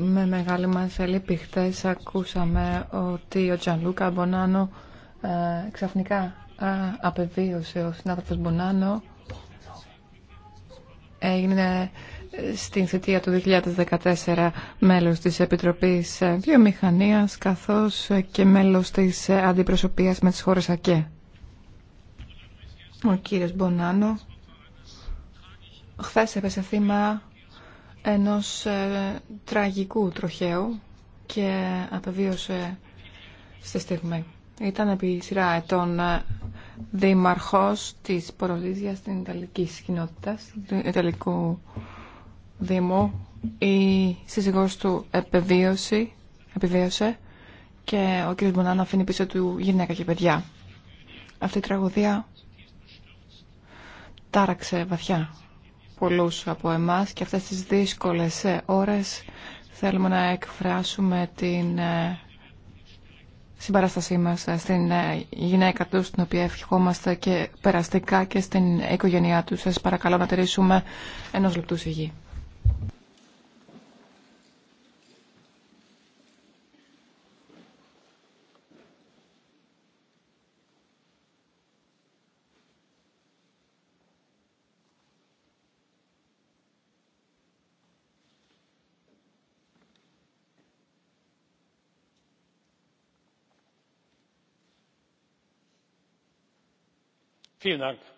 Με μεγάλη μας λύπη ακούσαμε ότι ο Τζανλούκα Μπονάνο ε, ξαφνικά απεβίωσε ο συνάδελφος Μπονάνο έγινε ε, στην θητεία του 2014 μέλος της Επιτροπής Βιομηχανίας καθώς και μέλος της αντιπροσωπείας με τις χώρες ΑΚΕ. Ο κύριος Μπονάνο χθες έπεσε θύμα ενός ε, τραγικού τροχαίου και απεβίωσε στη στιγμή. Ήταν επί σειρά ετών ε, δήμαρχος της Ποροζίζιας στην Ιταλική κοινότητα, του Ιταλικού Δήμου. Η σύζυγός του επεβίωσε, επιβίωσε και ο κ. Μονάνα αφήνει πίσω του γυναίκα και παιδιά. Αυτή η τραγωδία τάραξε βαθιά πολλούς από εμάς και αυτές τις δύσκολες ε, ώρες θέλουμε να εκφράσουμε την ε, συμπαράστασή μας ε, στην γυναίκα του, στην οποία ευχόμαστε και περαστικά και στην οικογένειά του. Σας παρακαλώ να τηρήσουμε ενός λεπτού vielen dank!